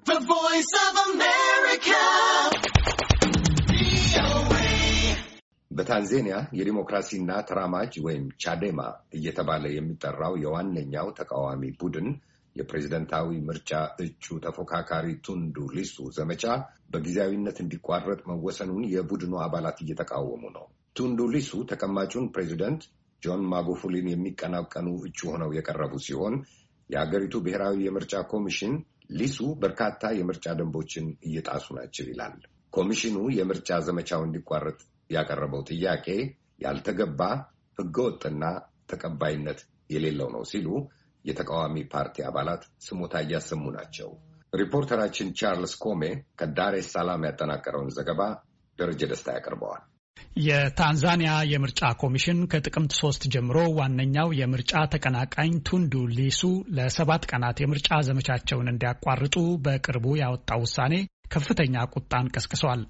The Voice of America. በታንዜኒያ የዲሞክራሲና ተራማጅ ወይም ቻዴማ እየተባለ የሚጠራው የዋነኛው ተቃዋሚ ቡድን የፕሬዝደንታዊ ምርጫ እጩ ተፎካካሪ ቱንዱ ሊሱ ዘመቻ በጊዜያዊነት እንዲቋረጥ መወሰኑን የቡድኑ አባላት እየተቃወሙ ነው። ቱንዱ ሊሱ ተቀማጩን ፕሬዚደንት ጆን ማጉፉሊን የሚቀናቀኑ እጩ ሆነው የቀረቡ ሲሆን የአገሪቱ ብሔራዊ የምርጫ ኮሚሽን ሊሱ በርካታ የምርጫ ደንቦችን እየጣሱ ናቸው ይላል። ኮሚሽኑ የምርጫ ዘመቻው እንዲቋረጥ ያቀረበው ጥያቄ ያልተገባ ሕገወጥና ተቀባይነት የሌለው ነው ሲሉ የተቃዋሚ ፓርቲ አባላት ስሞታ እያሰሙ ናቸው። ሪፖርተራችን ቻርልስ ኮሜ ከዳሬ ሰላም ያጠናቀረውን ዘገባ ደረጀ ደስታ ያቀርበዋል። የታንዛኒያ የምርጫ ኮሚሽን ከጥቅምት ሶስት ጀምሮ ዋነኛው የምርጫ ተቀናቃኝ ቱንዱ ሊሱ ለሰባት ቀናት የምርጫ ዘመቻቸውን እንዲያቋርጡ በቅርቡ ያወጣው ውሳኔ ከፍተኛ ቁጣን ቀስቅሷል።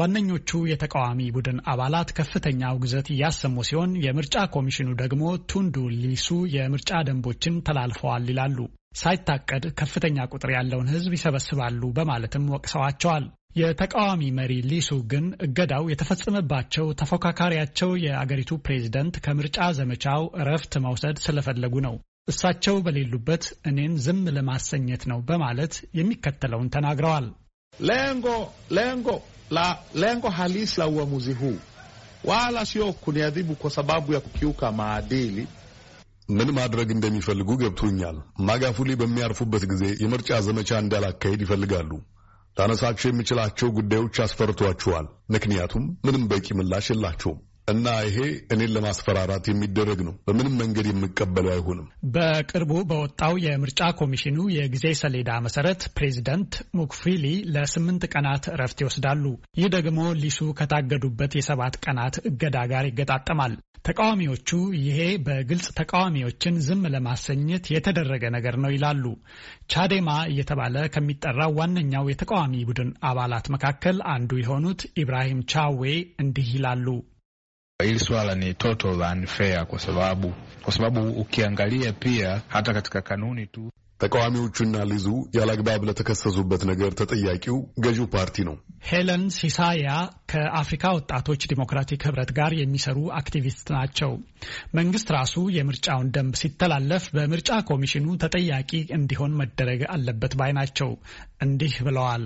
ዋነኞቹ የተቃዋሚ ቡድን አባላት ከፍተኛ ውግዘት እያሰሙ ሲሆን፣ የምርጫ ኮሚሽኑ ደግሞ ቱንዱ ሊሱ የምርጫ ደንቦችን ተላልፈዋል ይላሉ። ሳይታቀድ ከፍተኛ ቁጥር ያለውን ሕዝብ ይሰበስባሉ በማለትም ወቅሰዋቸዋል። የተቃዋሚ መሪ ሊሱ ግን እገዳው የተፈጸመባቸው ተፎካካሪያቸው የአገሪቱ ፕሬዝደንት ከምርጫ ዘመቻው እረፍት መውሰድ ስለፈለጉ ነው። እሳቸው በሌሉበት እኔን ዝም ለማሰኘት ነው በማለት የሚከተለውን ተናግረዋል። lengo halisi la uamuzi huu wala sio kuniadhibu kwa ምን ማድረግ እንደሚፈልጉ ገብቶኛል። ማጋፉሊ በሚያርፉበት ጊዜ የምርጫ ዘመቻ እንዳላካሄድ ይፈልጋሉ። ላነሳቸው የሚችላቸው ጉዳዮች አስፈርቷችኋል። ምክንያቱም ምንም በቂ ምላሽ የላችሁም። እና ይሄ እኔን ለማስፈራራት የሚደረግ ነው። በምንም መንገድ የሚቀበለው አይሆንም። በቅርቡ በወጣው የምርጫ ኮሚሽኑ የጊዜ ሰሌዳ መሰረት ፕሬዚደንት ሙክፊሊ ለስምንት ቀናት እረፍት ይወስዳሉ። ይህ ደግሞ ሊሱ ከታገዱበት የሰባት ቀናት እገዳ ጋር ይገጣጠማል። ተቃዋሚዎቹ ይሄ በግልጽ ተቃዋሚዎችን ዝም ለማሰኘት የተደረገ ነገር ነው ይላሉ። ቻዴማ እየተባለ ከሚጠራው ዋነኛው የተቃዋሚ ቡድን አባላት መካከል አንዱ የሆኑት ኢብራሂም ቻዌ እንዲህ ይላሉ። Hili swala ni total unfair kwa sababu kwa sababu ukiangalia pia hata katika kanuni tu ተቃዋሚዎቹና ሊዙ ያለአግባብ ለተከሰሱበት ነገር ተጠያቂው ገዢው ፓርቲ ነው። ሄለን ሲሳያ ከአፍሪካ ወጣቶች ዲሞክራቲክ ህብረት ጋር የሚሰሩ አክቲቪስት ናቸው። መንግስት ራሱ የምርጫውን ደንብ ሲተላለፍ በምርጫ ኮሚሽኑ ተጠያቂ እንዲሆን መደረግ አለበት ባይ ናቸው። እንዲህ ብለዋል።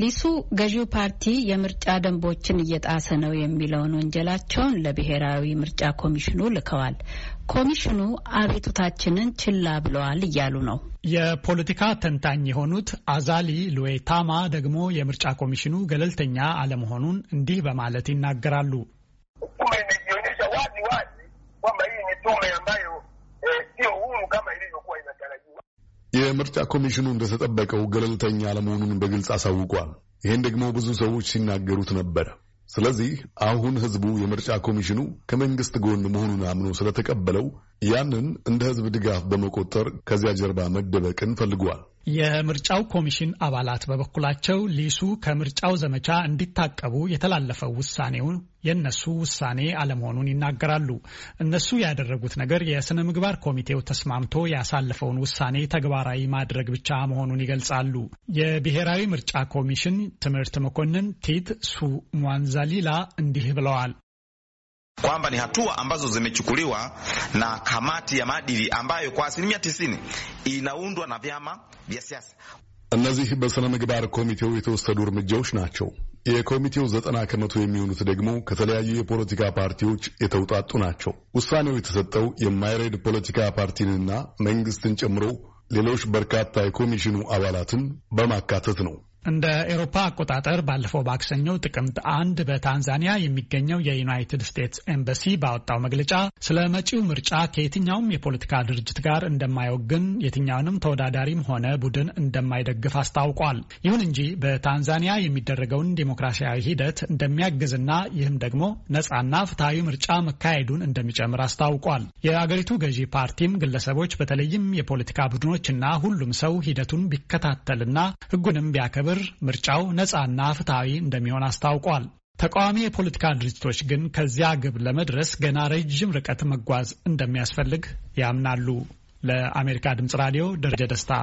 ሊሱ ገዢው ፓርቲ የምርጫ ደንቦችን እየጣሰ ነው የሚለውን ወንጀላቸውን ለብሔራዊ ምርጫ ኮሚሽኑ ልከዋል። ኮሚሽኑ አቤቱታችንን ችላ ብለዋል እያሉ ነው። የፖለቲካ ተንታኝ የሆኑት አዛሊ ሉዌታማ ደግሞ የምርጫ ኮሚሽኑ ገለልተኛ አለመሆኑን እንዲህ በማለት ይናገራሉ። የምርጫ ኮሚሽኑ እንደተጠበቀው ገለልተኛ አለመሆኑን በግልጽ አሳውቋል። ይህን ደግሞ ብዙ ሰዎች ሲናገሩት ነበረ። ስለዚህ አሁን ህዝቡ የምርጫ ኮሚሽኑ ከመንግስት ጎን መሆኑን አምኖ ስለተቀበለው ያንን እንደ ህዝብ ድጋፍ በመቆጠር ከዚያ ጀርባ መደበቅን ፈልጓል። የምርጫው ኮሚሽን አባላት በበኩላቸው ሊሱ ከምርጫው ዘመቻ እንዲታቀቡ የተላለፈው ውሳኔው የእነሱ ውሳኔ አለመሆኑን ይናገራሉ። እነሱ ያደረጉት ነገር የስነ ምግባር ኮሚቴው ተስማምቶ ያሳለፈውን ውሳኔ ተግባራዊ ማድረግ ብቻ መሆኑን ይገልጻሉ። የብሔራዊ ምርጫ ኮሚሽን ትምህርት መኮንን ቲት ሟንዛሊላ እንዲህ ብለዋል። kwamba ni hatua ambazo zimechukuliwa na kamati ya maadili ambayo kwa asilimia tisini inaundwa na vyama vya siasa እነዚህ በሥነ ምግባር ኮሚቴው የተወሰዱ እርምጃዎች ናቸው። የኮሚቴው ዘጠና ከመቶ የሚሆኑት ደግሞ ከተለያዩ የፖለቲካ ፓርቲዎች የተውጣጡ ናቸው። ውሳኔው የተሰጠው የማይረድ ፖለቲካ ፓርቲንና መንግስትን ጨምሮ ሌሎች በርካታ የኮሚሽኑ አባላትን በማካተት ነው። እንደ ኤሮፓ አቆጣጠር ባለፈው ማክሰኞ ጥቅምት አንድ በታንዛኒያ የሚገኘው የዩናይትድ ስቴትስ ኤምባሲ ባወጣው መግለጫ ስለ መጪው ምርጫ ከየትኛውም የፖለቲካ ድርጅት ጋር እንደማይወግን፣ የትኛውንም ተወዳዳሪም ሆነ ቡድን እንደማይደግፍ አስታውቋል። ይሁን እንጂ በታንዛኒያ የሚደረገውን ዴሞክራሲያዊ ሂደት እንደሚያግዝና ይህም ደግሞ ነጻና ፍትሐዊ ምርጫ መካሄዱን እንደሚጨምር አስታውቋል። የአገሪቱ ገዢ ፓርቲም ግለሰቦች በተለይም የፖለቲካ ቡድኖችና ሁሉም ሰው ሂደቱን ቢከታተልና ህጉንም ቢያከብር ብር ምርጫው ነፃና ፍትሐዊ እንደሚሆን አስታውቋል። ተቃዋሚ የፖለቲካ ድርጅቶች ግን ከዚያ ግብ ለመድረስ ገና ረጅም ርቀት መጓዝ እንደሚያስፈልግ ያምናሉ። ለአሜሪካ ድምፅ ራዲዮ ደረጀ ደስታ